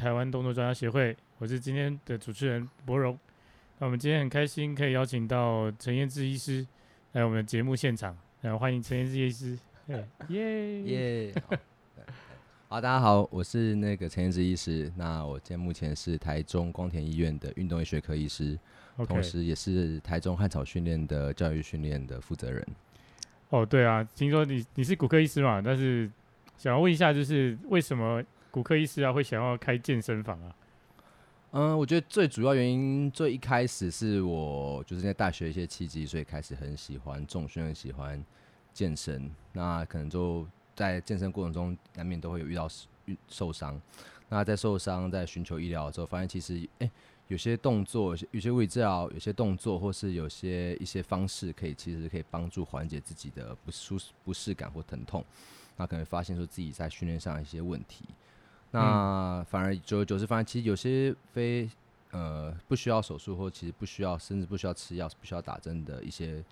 台灣動作專家協會，我是今天的主持人博榮。那、啊、我們今天很開心可以邀請到陳彥志醫師來我們的節目現場，來、啊、歡迎陳彥志醫師。耶 耶、yeah Yeah yeah！好，大家好，我是那個陳彥志醫師。那我今天目前是台中光田醫院的運動醫學科醫師，okay. 同時也是台中漢草訓練的教育訓練的負責人。哦，對啊，聽說你你是骨科醫師嘛？但是想要問一下，就是為什麼？骨科醫師啊，會想要開健身房啊？嗯，我覺得最主要原因，最一開始是我就是在大學一些契機，所以開始很喜歡，重訓練，很喜歡健身。那可能就在健身過程中，難免都會有遇到受傷。那在受傷，在尋求醫療的時候，發現其實哎、欸，有些動作，有些物理治療，有些動作，或是有些一些方式，可以其實可以幫助緩解自己的不舒適不適感或疼痛。那可能發現說自己在訓練上一些問題。那反而久而久之反而其實有些非呃不需要手術，或其實不需要，甚至不需要吃藥、不需要打針的一些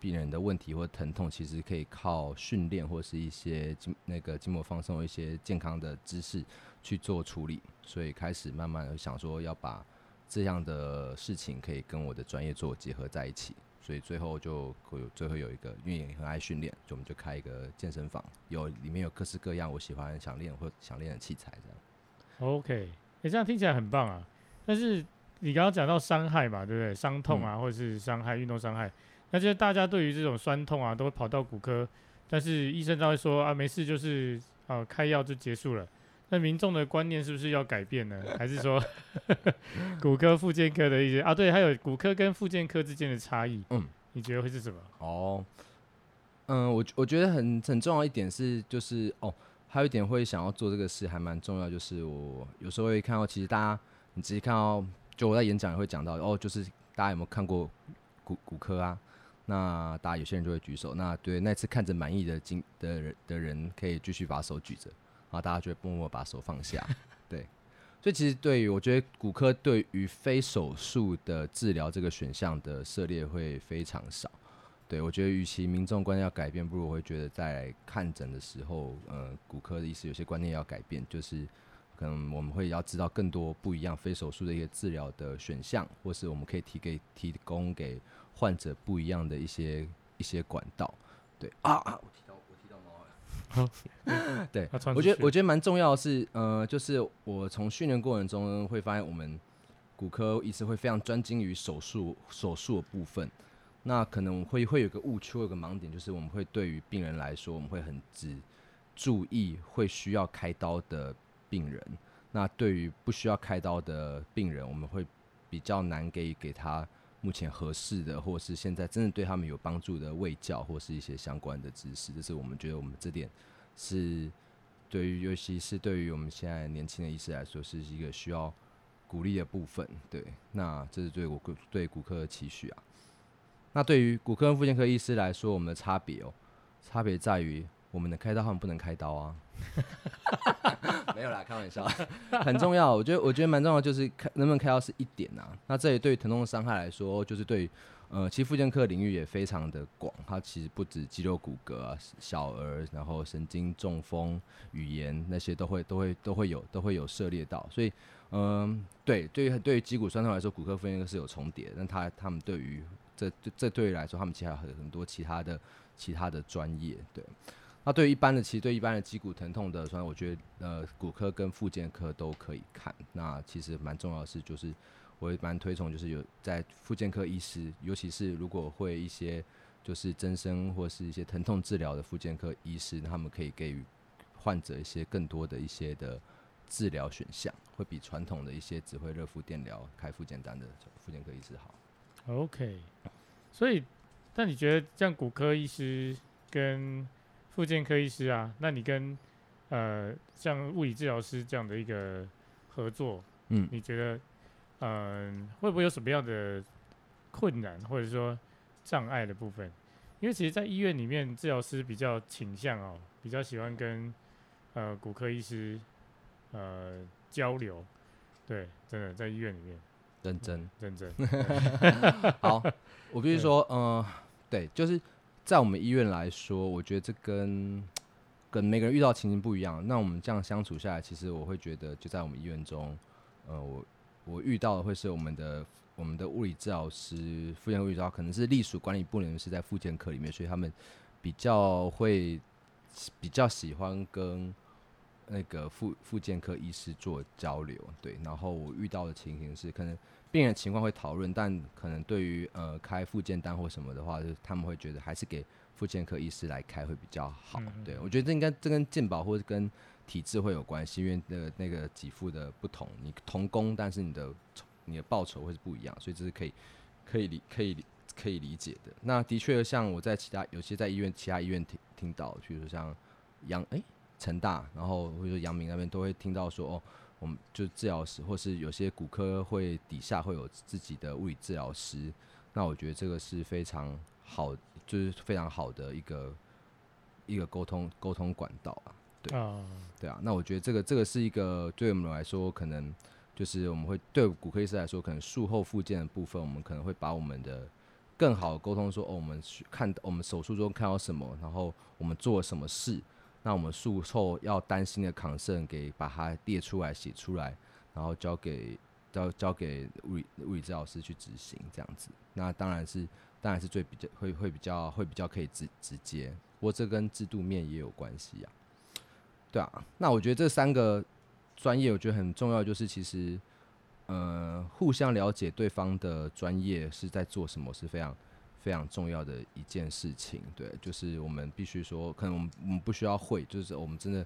病人的問題或疼痛，其實可以靠訓練或是一些筋那個筋膜放鬆、一些健康的姿勢去做處理。所以開始慢慢的想說，要把這樣的事情可以跟我的專業做結合在一起。所以最後就有最後有一個，因為很愛訓練，就我們就開一個健身房，有裡面有各式各樣我喜歡想練或想練的器材這樣。OK，誒、欸，這樣聽起來很棒啊！但是你剛剛講到傷害嘛，對不對？傷痛啊、嗯，或者是傷害，運動傷害，那就大家對於這種酸痛啊，都會跑到骨科，但是醫生都會說啊，沒事，就是啊，開藥就結束了。那民眾的觀念是不是要改變呢？還是說 骨科、復健科的一些啊？對，還有骨科跟復健科之間的差異，嗯，你覺得會是什麼？哦，嗯，我我覺得很很重要一點是，就是哦，還有一點會想要做這個事還蠻重要，就是我有時候會看到，其實大家你自己看到，就我在演講也會講到，哦，就是大家有沒有看過骨骨科啊？那大家有些人就會舉手，那對那次看着滿意的經的，的人的人可以繼續把手舉着。然後大家就會默默把手放下。對，所以其實對於我覺得骨科對於非手術的治療這個選項的涉獵會非常少。對，我覺得，與其民眾觀念要改變，不如我會覺得在看診的時候，呃，骨科的醫師有些觀念要改變，就是可能我們會要知道更多不一樣非手術的一些治療的選項，或是我們可以提給提供給患者不一樣的一些一些管道。對啊。 對，我覺得我覺得蠻重要的是，呃，就是我從訓練過程中會發現，我們骨科醫師會非常專精於手術手術的部分，那可能會會有一個誤區，有個盲點，就是我們會對於病人來說，我們會很只注意會需要開刀的病人，那對於不需要開刀的病人，我們會比較難給給他。目前合適的，或是現在真正對他們有幫助的衛教，或是一些相關的知識，這是我們覺得我們這點是對於，尤其是對於我們現在年輕的醫師來說，是一個需要鼓勵的部分。對，那這是對我對骨科的期許啊。那對於骨科跟復健科醫師來說，我們的差別哦，差別在於我們能開刀，他們不能開刀啊。 沒有啦，開玩笑， 很重要。我覺得，我覺得蠻重要，就是開能不能開到是一點吶、啊。那這也對疼痛的傷害來說，就是對，呃，其實復健科領域也非常的廣。它其實不止肌肉骨骼啊，小兒，然後神經、中風、語言那些都會都會都會有都會有涉獵到。所以，嗯、呃，對，對於對於肌骨酸痛來說，骨科復健科應該是有重疊，但他他們對於這這對於來說，他們其實還有很很多其他的其他的專業，對。那對於一般的，其實對一般的肌骨疼痛的，所以我覺得呃骨科跟復健科都可以看。那其實蠻重要的是就是，我也蠻推崇就是有在復健科醫師，尤其是如果會一些就是增生或是一些疼痛治療的復健科醫師，他們可以給予患者一些更多的一些的治療選項，會比傳統的一些只會熱敷、電療、開復健單的復健科醫師好。OK，所以，但你覺得像骨科醫師跟復健科醫師啊，那你跟呃像物理治療師這樣的一個合作，嗯，你覺得嗯、呃、會不會有什麼樣的困難或者說障礙的部分？因為其實，在醫院裡面，治療師比較傾向哦，比較喜歡跟呃骨科醫師呃交流。對，真的在醫院裡面認真認真。嗯、認真 好，我必須說，嗯、呃，對，就是。在我們醫院來說，我覺得這跟跟每個人遇到情形不一樣。那我們這樣相處下來，其實我會覺得，就在我們醫院中，呃，我我遇到的會是我們的我們的物理治療師、復健物理治療，可能是隸屬管理部門是在復健科裡面，所以他們比較會比較喜歡跟那個復復健科醫師做交流。對，然後我遇到的情形是可能。病人情況會討論，但可能對於呃開復健單或什麼的話，就他們會覺得還是給復健科醫師來開會比較好。嗯、對我覺得這應該這跟健保或者跟體制會有關係，因為那、這個那個給付的不同，你同工但是你的你的報酬會是不一樣，所以這是可以可以理可以可以，可以理解的。那的確像我在其他有些在醫院其他醫院聽聽到，比如說像楊誒成大，然後或者陽明那邊都會聽到說哦。我們就治療師，或是有些骨科會底下會有自己的物理治療師，那我覺得這個是非常好，就是非常好的一個一個溝通溝通管道啊。對啊，uh. 對啊。那我覺得這個這個是一個對我們來說，可能就是我們會對我們骨科醫生來說，可能術後復健的部分，我們可能會把我們的更好的溝通說，哦，我們去看我們手術中看到什麼，然後我們做什麼事。那我們術後要擔心的抗滲，給把它列出來寫出來，然後交給交交給物理物理治療師去執行這樣子。那當然是當然是最比較會會比較會比較可以直直接。不過這跟制度面也有關係啊，對啊。那我覺得這三個專業我覺得很重要，就是其實呃互相了解對方的專業是在做什麼是非常，非常重要的一件事情，對，就是我們必須說，可能我們我們不需要會，就是我們真的，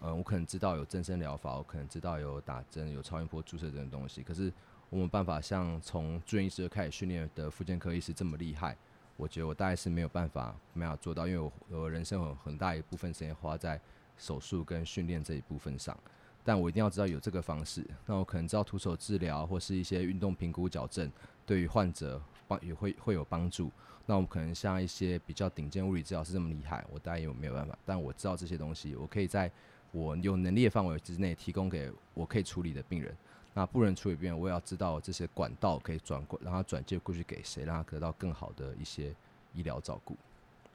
嗯、呃，我可能知道有增生療法，我可能知道有打針、有超音波注射這種東西，可是我們辦法像從住院醫師開始訓練的復健科醫師這麼厲害，我覺得我大概是沒有辦法、沒有辦法做到，因為我我人生有很，很大一部分時間花在手術跟訓練這一部分上，但我一定要知道有這個方式，那我可能知道徒手治療或是一些運動評估矯正。對於患者幫也會會有幫助。那我們可能像一些比較頂尖物理治療師這麼厲害，我當然也沒有辦法，但我知道這些東西，我可以在我有能力的範圍之內提供給我可以處理的病人。那不能處理病人，我也要知道這些管道可以轉過，讓他轉接過去給誰，讓他得到更好的一些醫療照顧。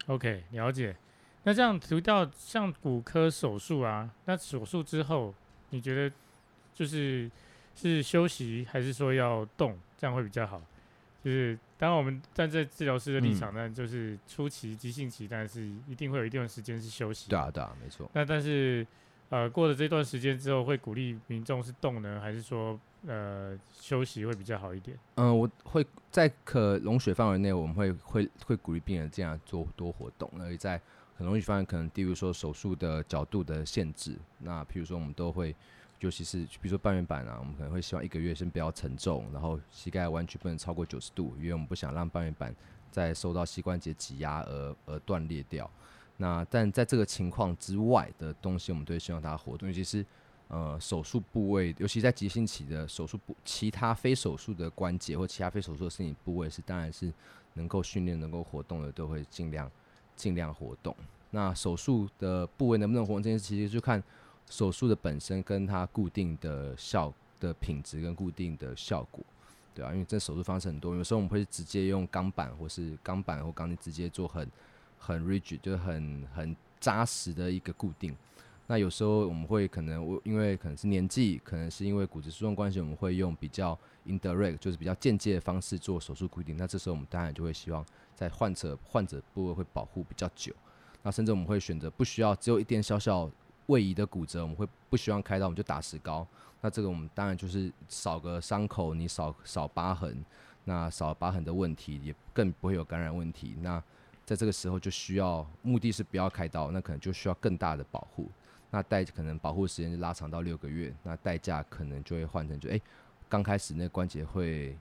OK，了解。那這樣提到像骨科手術啊，那手術之後你覺得就是是休息還是說要動？這樣會比較好，就是當然我們站在治療師的立場，嗯，但就是初期急性期，但是一定會有一定的時間是休息。對啊，對啊，沒錯。那但是，呃，過了這段時間之後，會鼓勵民眾是動呢，還是說呃休息會比較好一點？嗯、呃，我會在可容許範圍內，我們會會會，會鼓勵病人這樣做多活動。而在可容許範圍，可能例如說手術的角度的限制，那譬如說我們都會。尤其是比如說半月板啊，我們可能會希望一個月先不要承重，然後膝蓋彎曲不能超過九十度，因為我們不想讓半月板在受到膝關節擠壓而而斷裂掉。那但在這個情況之外的東西，我們都會希望它活動。尤其是呃手術部位，尤其在急性期的手術部，其他非手術的關節或其他非手術的身體部位是，當然是能夠訓練、能夠活動的，都會儘量儘量活動。那手術的部位能不能活動這件事，這些其實就看。手術的本身跟它固定的效的品質跟固定的效果，對啊。因為這手術方式很多，有時候我們會直接用鋼板或是鋼板或鋼釘直接做很很 rigid，就是很很扎實的一個固定。那有時候我們會可能我因為可能是年紀，可能是因為骨質疏鬆關係，我們會用比較 indirect，就是比較間接的方式做手術固定。那這時候我們當然就會希望在患者患者部位會保護比較久。那甚至我們會選擇不需要只有一點小小。位移的骨折，我們會不希望開刀，我們就打石膏。那這個我們當然就是少個傷口你，你少少疤痕，那少疤痕的問題也更不會有感染問題。那在這個時候就需要，目的是不要開刀，那可能就需要更大的保護。那代可能保護時間就拉長到六個月，那代價可能就會換成就誒，剛開始那關節會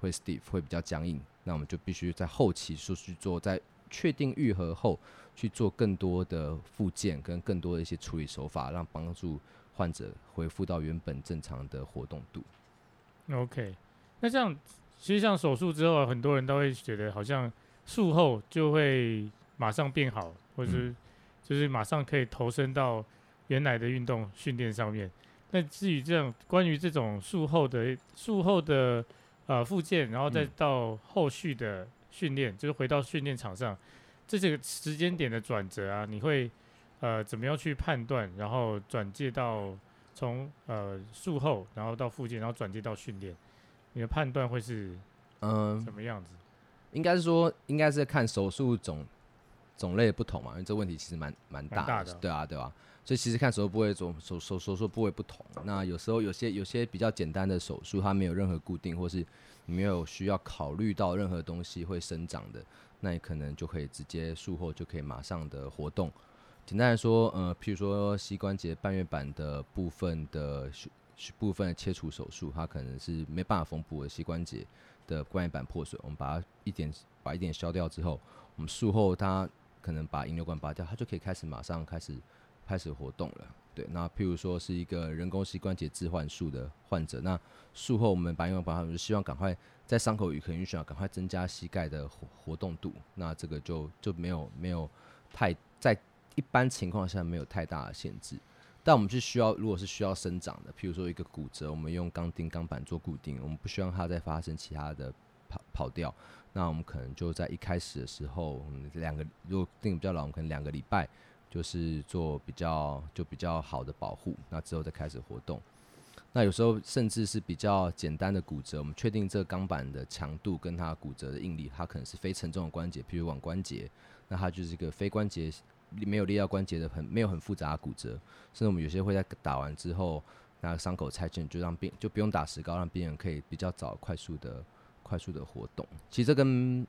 會 stiff，會比較僵硬，那我們就必須在後期說去做在。確定癒合後，去做更多的復健跟更多的一些處理手法，讓幫助患者恢復到原本正常的活動度。OK，那這樣其實像手術之後，很多人都會覺得好像術後就會馬上變好，或是就是馬上可以投身到原來的運動訓練上面。那至於這樣關於這種術後的術後的呃復健，然後再到後續的。嗯訓練就是回到訓練場上，這幾個時間點的轉折啊，你會呃怎麼樣去判斷，然後轉介到從呃術後，然後到復健，然後轉介到訓練，你的判斷會是嗯什麼樣子？嗯、應該是說，應該是看手術種種類不同嘛，因為這問題其實蠻蠻大、大的，對啊，對吧，啊？所以其實看手術部位，手手手手術部位不同。那有時候有些有些比較簡單的手術，它沒有任何固定，或是你沒有需要考慮到任何東西會生長的，那你可能就可以直接術後就可以馬上的活動。簡單來說，呃，譬如說膝關節半月板的部分的部分的切除手術，它可能是沒辦法縫補的膝關節的半月板破損，我們把它一點把一點削掉之後，我們術後它可能把引流管拔掉，它就可以開始馬上開始。開始活動了，對，那譬如說是一個人工膝關節置換術的患者，那術後我們把用白把我們就希望趕快在傷口癒合允許要趕快增加膝蓋的活活動度，那這個就就沒有沒有太在一般情況下沒有太大的限制，但我們是需要如果是需要生長的，譬如說一個骨折，我們用鋼釘鋼板做固定，我們不希望它再發生其他的跑跑掉，那我們可能就在一開始的時候兩、嗯、個如果釘比較牢，我們可能兩個禮拜。就是做比較，就比較好的保護，那之後再開始活動。那有時候甚至是比較簡單的骨折，我們確定這鋼板的強度跟它骨折的應力，它可能是非承重的關節，譬如腕關節，那它就是一個非關節，沒有裂到關節的很沒有很複雜的骨折。甚至我們有些會在打完之後那個傷口拆線，就讓病就不用打石膏，讓病人可以比較早快速的快速的活動。其實這跟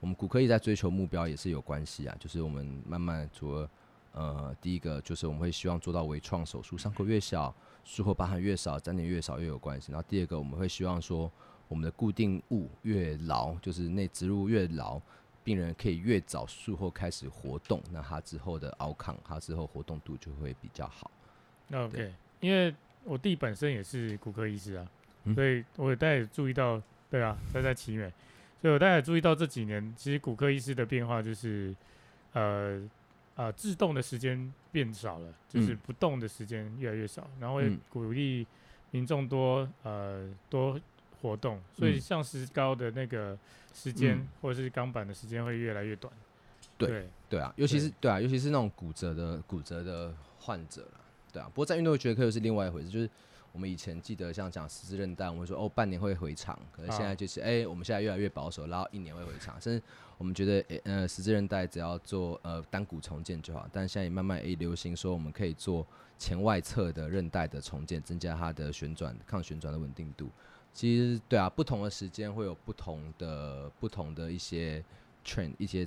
我們骨科也在追求目標也是有關係啊，就是我們慢慢做。呃，第一個就是我們會希望做到微創手術，傷口越小，術後疤痕越少，沾黏越少越有關係。然後第二個，我們會希望說我們的固定物越牢，就是內植物越牢，病人可以越早術後開始活動，那他之後的 outcome，他之後活動度就會比較好。那 OK，因為我弟本身也是骨科醫師啊，嗯、所以我也大家注意到，對啊，他在奇美， 所以我大家也注意到這幾年其實骨科醫師的變化就是，呃。呃，制動的時間變少了，就是不動的時間越來越少，嗯、然後會鼓勵民眾多呃多活動，所以像石膏的那個時間、嗯、或者是鋼板的時間會越來越短。對對，對啊，尤其是對啊，尤其是那種骨折的骨折的患者，對啊。不過在運動醫學科又是另外一回事，就是。我們以前記得像講十字韌帶，我們說哦半年會回場，可是現在就是哎、啊欸，我們現在越來越保守，然後一年會回場，甚至我們覺得、欸、呃，十字韌帶只要做呃單股重建就好，但現在也慢慢、欸、流行說我們可以做前外側的韌帶的重建，增加它的旋轉抗旋轉的穩定度。其實對啊，不同的時間會有不同的不同的一些 trend 一些、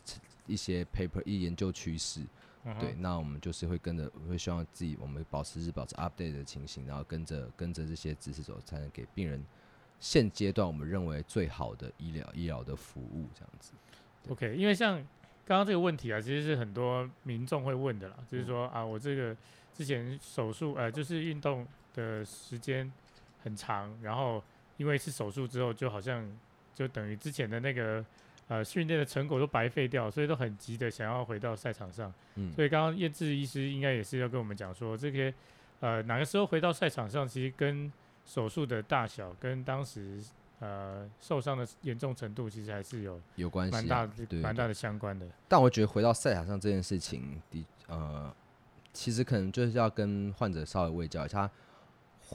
一些一些 paper、一些研究趨勢。嗯、對，那我們就是會跟着，會希望自己，我們保持是保持 update 的情形，然後跟着跟着這些知識走，才能給病人現階段我們認為最好的醫療醫療的服務這樣子。OK，因為像剛剛這個問題啊，其實是很多民眾會問的啦，就是說、嗯、啊，我這個之前手術呃，就是運動的時間很長，然後因為是手術之後，就好像就等於之前的那個。呃，訓練的成果都白費掉，所以都很急的想要回到賽場上。嗯，所以剛剛彥志醫師應該也是要跟我們講說，這些呃，哪個時候回到賽場上，其實跟手術的大小、跟當時呃受傷的嚴重程度，其實還是有有關係、啊，蠻大的，蠻大的相關的。但我覺得回到賽場上這件事情的呃，其實可能就是要跟患者稍微衛教，一下。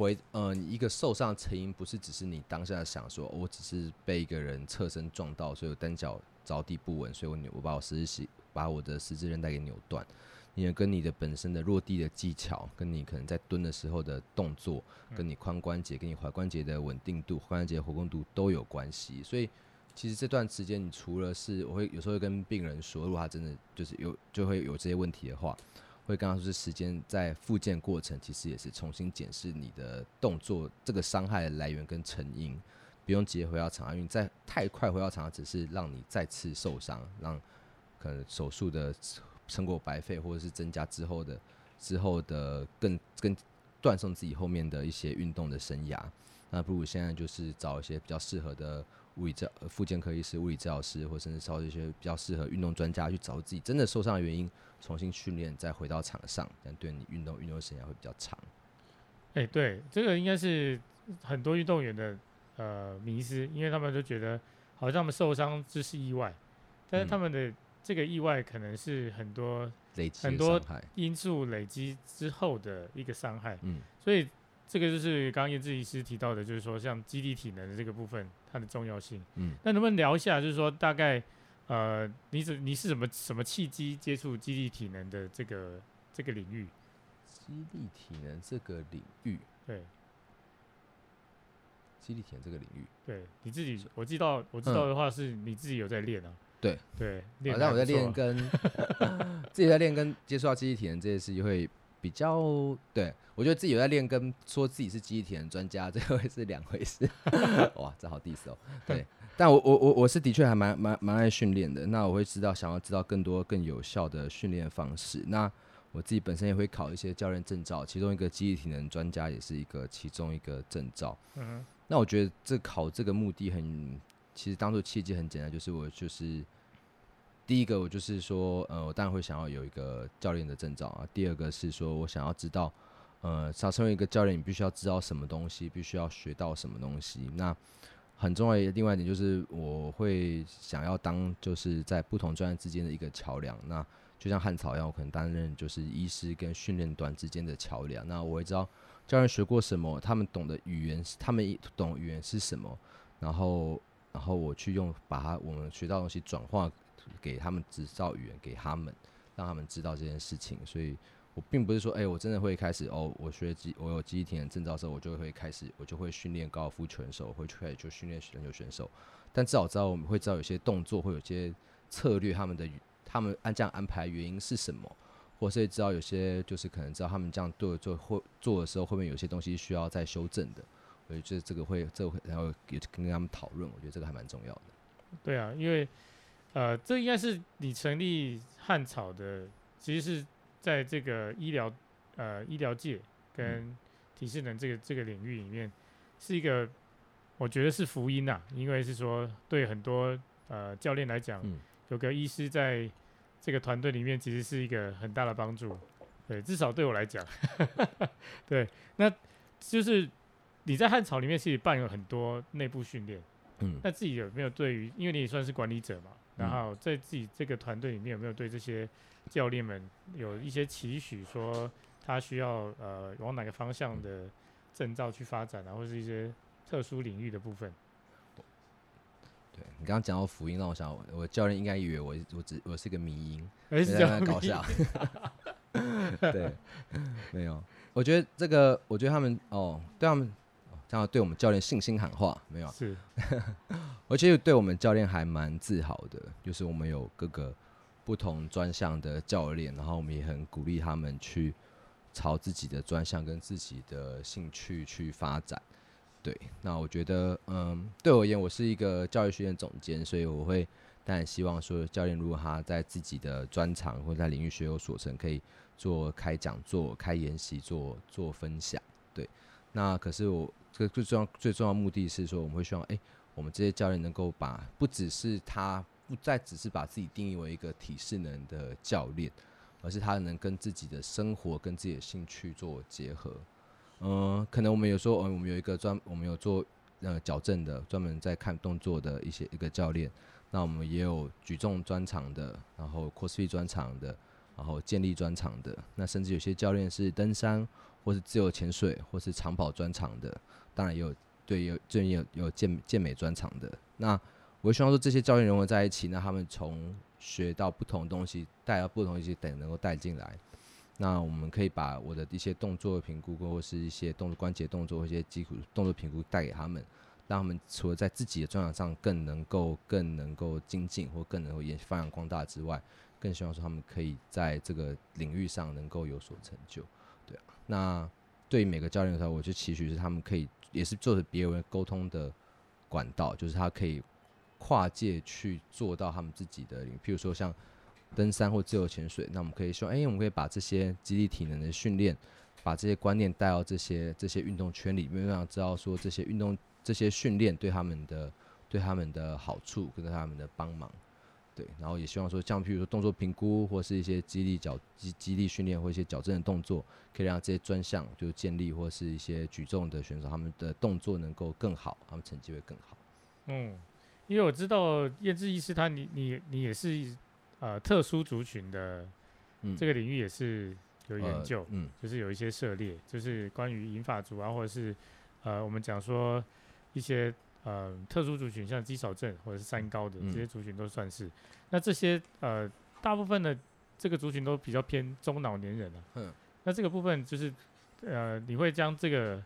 回，嗯，呃、你一個受傷的成因不是只是你當下想說，我只是被一個人側身撞到，所以我單腳着地不穩，所以我扭，我把我十字膝，把我的十字韌帶給扭斷。你為跟你的本身的落地的技巧，跟你可能在蹲的時候的動作，跟你髖關節，跟你踝關節的穩定度、髖關節的活動度都有關係。所以其實這段時間，你除了是我會有時候會跟病人說，如果他真的就是有就會有這些問題的話。會剛剛說是時間在復健過程，其實也是重新檢視你的動作，這個傷害的來源跟成因，不用直接回到場上，因為再太快回到場上，只是讓你再次受傷，讓可能手術的成果白費，或者是增加之後的之後的更更斷送自己後面的一些運動的生涯，那不如現在就是找一些比較適合的。物理教、呃，復健科醫師、物理治療師，或甚至找一些比較適合運動專家，去找自己真的受傷的原因，重新訓練，再回到場上，但對你運動運動的生涯會比較長。哎、欸，對，這個應該是很多運動員的呃迷思，因為他們都覺得好像我們受傷只是意外，但是他們的這個意外可能是很多累積很多因素累積之後的一個傷害，嗯，所以。這個就是剛剛彥志醫師提到的，就是說像肌力體能的這個部分，它的重要性。嗯，那能不能聊一下，就是說大概，呃，你怎你是什麼什麼契機接觸肌力體能的這個這個領域？肌力體能這個領域，對，肌力體能這個領域，對你自己，我知道，我知道的話，是你自己有在練啊。嗯、對，對，但、哦、我在練跟 自己在練跟接觸到肌力體能這些事情會。比較對我覺得自己有在練，跟說自己是機器體能專家，這個是兩回事。 哇，這好 dis 哦。對， 但我我我我是的確還蠻蠻蠻愛訓練的。那我會知道想要知道更多更有效的訓練方式。那我自己本身也會考一些教練證照，其中一個機器體能專家也是一個其中一個證照。嗯哼，那我覺得這考這個目的很，其實當做契機很簡單，就是我就是。第一個我就是說，呃，我當然會想要有一個教練的證照啊。第二個是說我想要知道，呃，想成為一個教練，你必須要知道什麼東西，必須要學到什麼東西。那很重要的另外一點就是我會想要當就是在不同專業之間的一個橋樑。那就像漢草一樣，我可能擔任就是醫師跟訓練端之間的橋樑。那我會知道教練學過什麼，他們懂的語言是他們懂語言是什麼，然後然後我去用把它我們學到的東西轉化。給他們制造語言，給他們，讓他們知道這件事情。所以我並不是說，哎、欸，我真的會開始哦，我學機，我有機體驗證照的時候，我就會開始，我就會訓練高爾夫選手，會去開始就訓練籃球選手。但至少知道，我們會知道有些動作，會有些策略他，他們的他們按這樣安排原因是什麼，或是知道有些就是可能知道他們這樣對做做會做的時候，後面有些東西需要再修正的。所以這這個會這個、會，然後也跟他們討論，我覺得這個還蠻重要的。對啊，因為。呃，這應該是你成立漢草的，其實是在這個醫療呃醫療界跟體適能這個這個領域裡面，是一個我覺得是福音吶、啊，因為是說對很多呃教練來講、嗯，有個醫師在這個團隊裡面，其實是一個很大的幫助，對，至少對我來講，呵呵對，那就是你在漢草裡面是辦有很多內部訓練，嗯，那自己有沒有對於，因為你也算是管理者嘛。嗯、然後在自己這個團隊裡面有沒有對這些教練們有一些期許？說他需要呃往哪個方向的證照去發展，啊，或是是一些特殊領域的部分。嗯、對你剛剛講到福音，讓我想我，我教練應該以為我我只我是一個迷因，而且很搞笑。 對，沒有，我覺得這個，我覺得他們哦，對他們。這樣對我們教練信心喊話沒有？是， 而且對我們教練還蠻自豪的，就是我們有各個不同專項的教練，然後我們也很鼓勵他們去朝自己的專項跟自己的興趣去發展。對，那我覺得，嗯，對我而言，我是一個教育學院總監，所以我會但希望說，教練如果他在自己的專長或在領域學有所成，可以做開講座、開研習、做做分享。對，那可是我。最重要、最重要的目的是說，我們會希望，誒、欸，我們這些教練能夠把不只是他不再只是把自己定義為一個體適能的教練，而是他能跟自己的生活跟自己的興趣做結合。嗯，可能我們有說，嗯，我們有一個專，我們有做呃矯正的，專門在看動作的一些一個教練。那我們也有舉重專場的，然後 cosplay 專場的，然後健力專場的。那甚至有些教練是登山，或是自由潛水，或是跑長跑專長的，當然也有對也有最近有有健健美專長的。那我希望說這些教練融合在一起，那他們從學到不同東西，帶到不同東西，等能夠帶進來。那我們可以把我的一些動作評估，或是一些動作關節動作，或一些基礎動作評估帶給他們，讓他們除了在自己的專長上更能夠更能夠精進，或更能夠也發揚光大之外，更希望說他們可以在這個領域上能夠有所成就。那對每個教練來說，我就期許是他們可以，也是做着別人溝通的管道，就是他可以跨界去做到他們自己的，比如說像登山或自由潛水，那我們可以說，哎、欸，我們可以把這些肌力體能的訓練，把這些觀念帶到這些這些運動圈裡面，讓他知道說這些運動這些訓練對他們的、的對他們的好處，跟他們的幫忙。對，然後也希望說，像譬如說動作評估，或是一些肌力、矯肌肌力訓練，或一些矯正的動作，可以讓這些專項，就是健力，或是一些舉重的選手，他們的動作能夠更好，他們成績會更好。嗯，因為我知道彥志醫師他你，你你你也是呃特殊族群的、嗯，這個領域也是有研究、呃，嗯，就是有一些涉獵，就是關於銀髮族啊，或者是呃，我們講說一些。呃，特殊族群像肌少症或者是三高的這些族群都算是，嗯、那這些呃大部分的這個族群都比較偏中老年人、啊嗯、那這個部分就是呃，你會將這個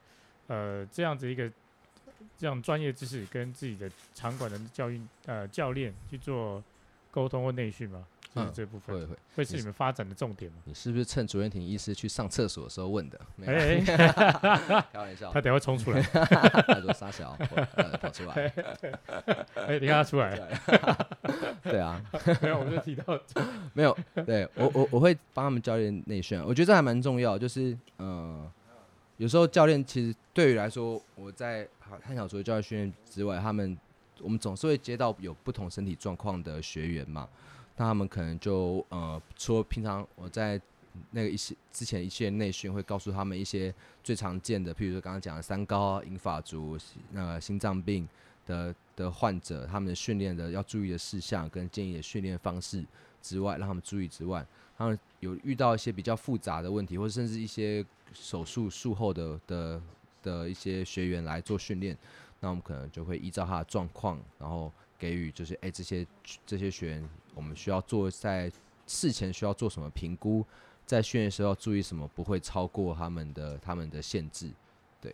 呃這樣子一個這樣專業知識跟自己的場館的教育呃教練去做溝通或內訓嗎？這，是這部分、嗯、會會會是你們發展的重點嗎？你是，你是不是趁陳彥志醫師去上廁所的時候問的？沒啊，欸欸， 開玩笑，他等會衝出來 他，他說殺小會，呃，跑出來，欸，哎，欸，你看他出來，欸，對， 對啊沒有，然後我就提到， 沒有，對我我我會幫他們教練內訓，我覺得這還蠻重要，就是嗯，呃，有時候教練其實對於來說，我在和小小說教練訓練之外，他們我們總是會接到有不同身體狀況的學員嘛。那他們可能就呃說，除了平常我在那個一些之前一些內訓會告訴他們一些最常見的，譬如說剛剛講的三高、銀髮族、那個、心臟病的的患者，他們的訓練的要注意的事項跟建議的訓練方式之外，讓他們注意之外，他們有遇到一些比較複雜的問題，或者甚至一些手術術後的的的一些學員來做訓練，那我們可能就會依照他的狀況，然後。給予就是，哎、欸，這些這些學員，我們需要做在事前需要做什麼評估，在訓練時候要注意什麼，不會超過他們的他們的限制，對。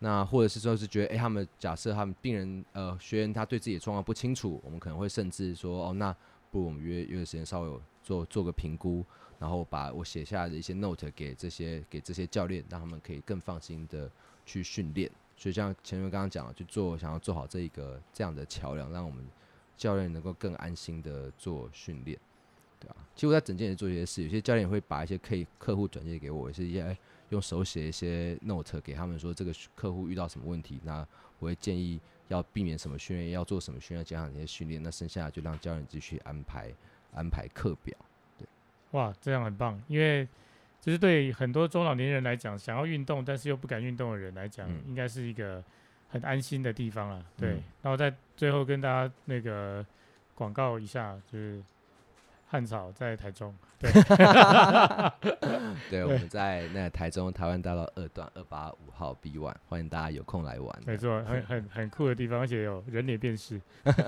那或者是說是覺得，哎、欸，他們假設他們病人呃學員他對自己的狀況不清楚，我們可能會甚至說，哦，那不如，我們約約個時間稍微做做個評估，然後把我寫下來的一些 note 給這些給這些教練，讓他們可以更放心的去訓練。所以像前面剛剛講的，去做想要做好這一個這樣的橋樑，讓我們教練能夠更安心的做訓練，對吧、啊？其實我在整間裡做一些事，有些教練也會把一些 K 客戶轉介給我，一些哎用手寫一些 note 給他們說這個客戶遇到什麼問題，那我會建議要避免什麼訓練，要做什麼訓練，加上一些訓練，那剩下的就讓教練繼續安排安排課表，對。哇，這樣很棒，因為。就是對很多中老年人來講，想要運動但是又不敢運動的人來講、嗯，應該是一個很安心的地方了。對、嗯，然後在最後跟大家那個廣告一下，就是。漢草在台中，對 對，對，我們在那台中台灣大道二段二八五號 B one，歡迎大家有空來玩，沒錯，很很很酷的地方，而且有人臉辨識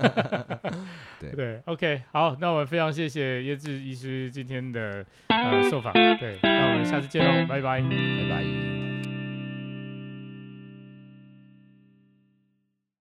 對對，OK，好，那我們非常謝謝彥志醫師今天的、呃、受訪，對，那我們下次見嘍，拜拜，拜拜。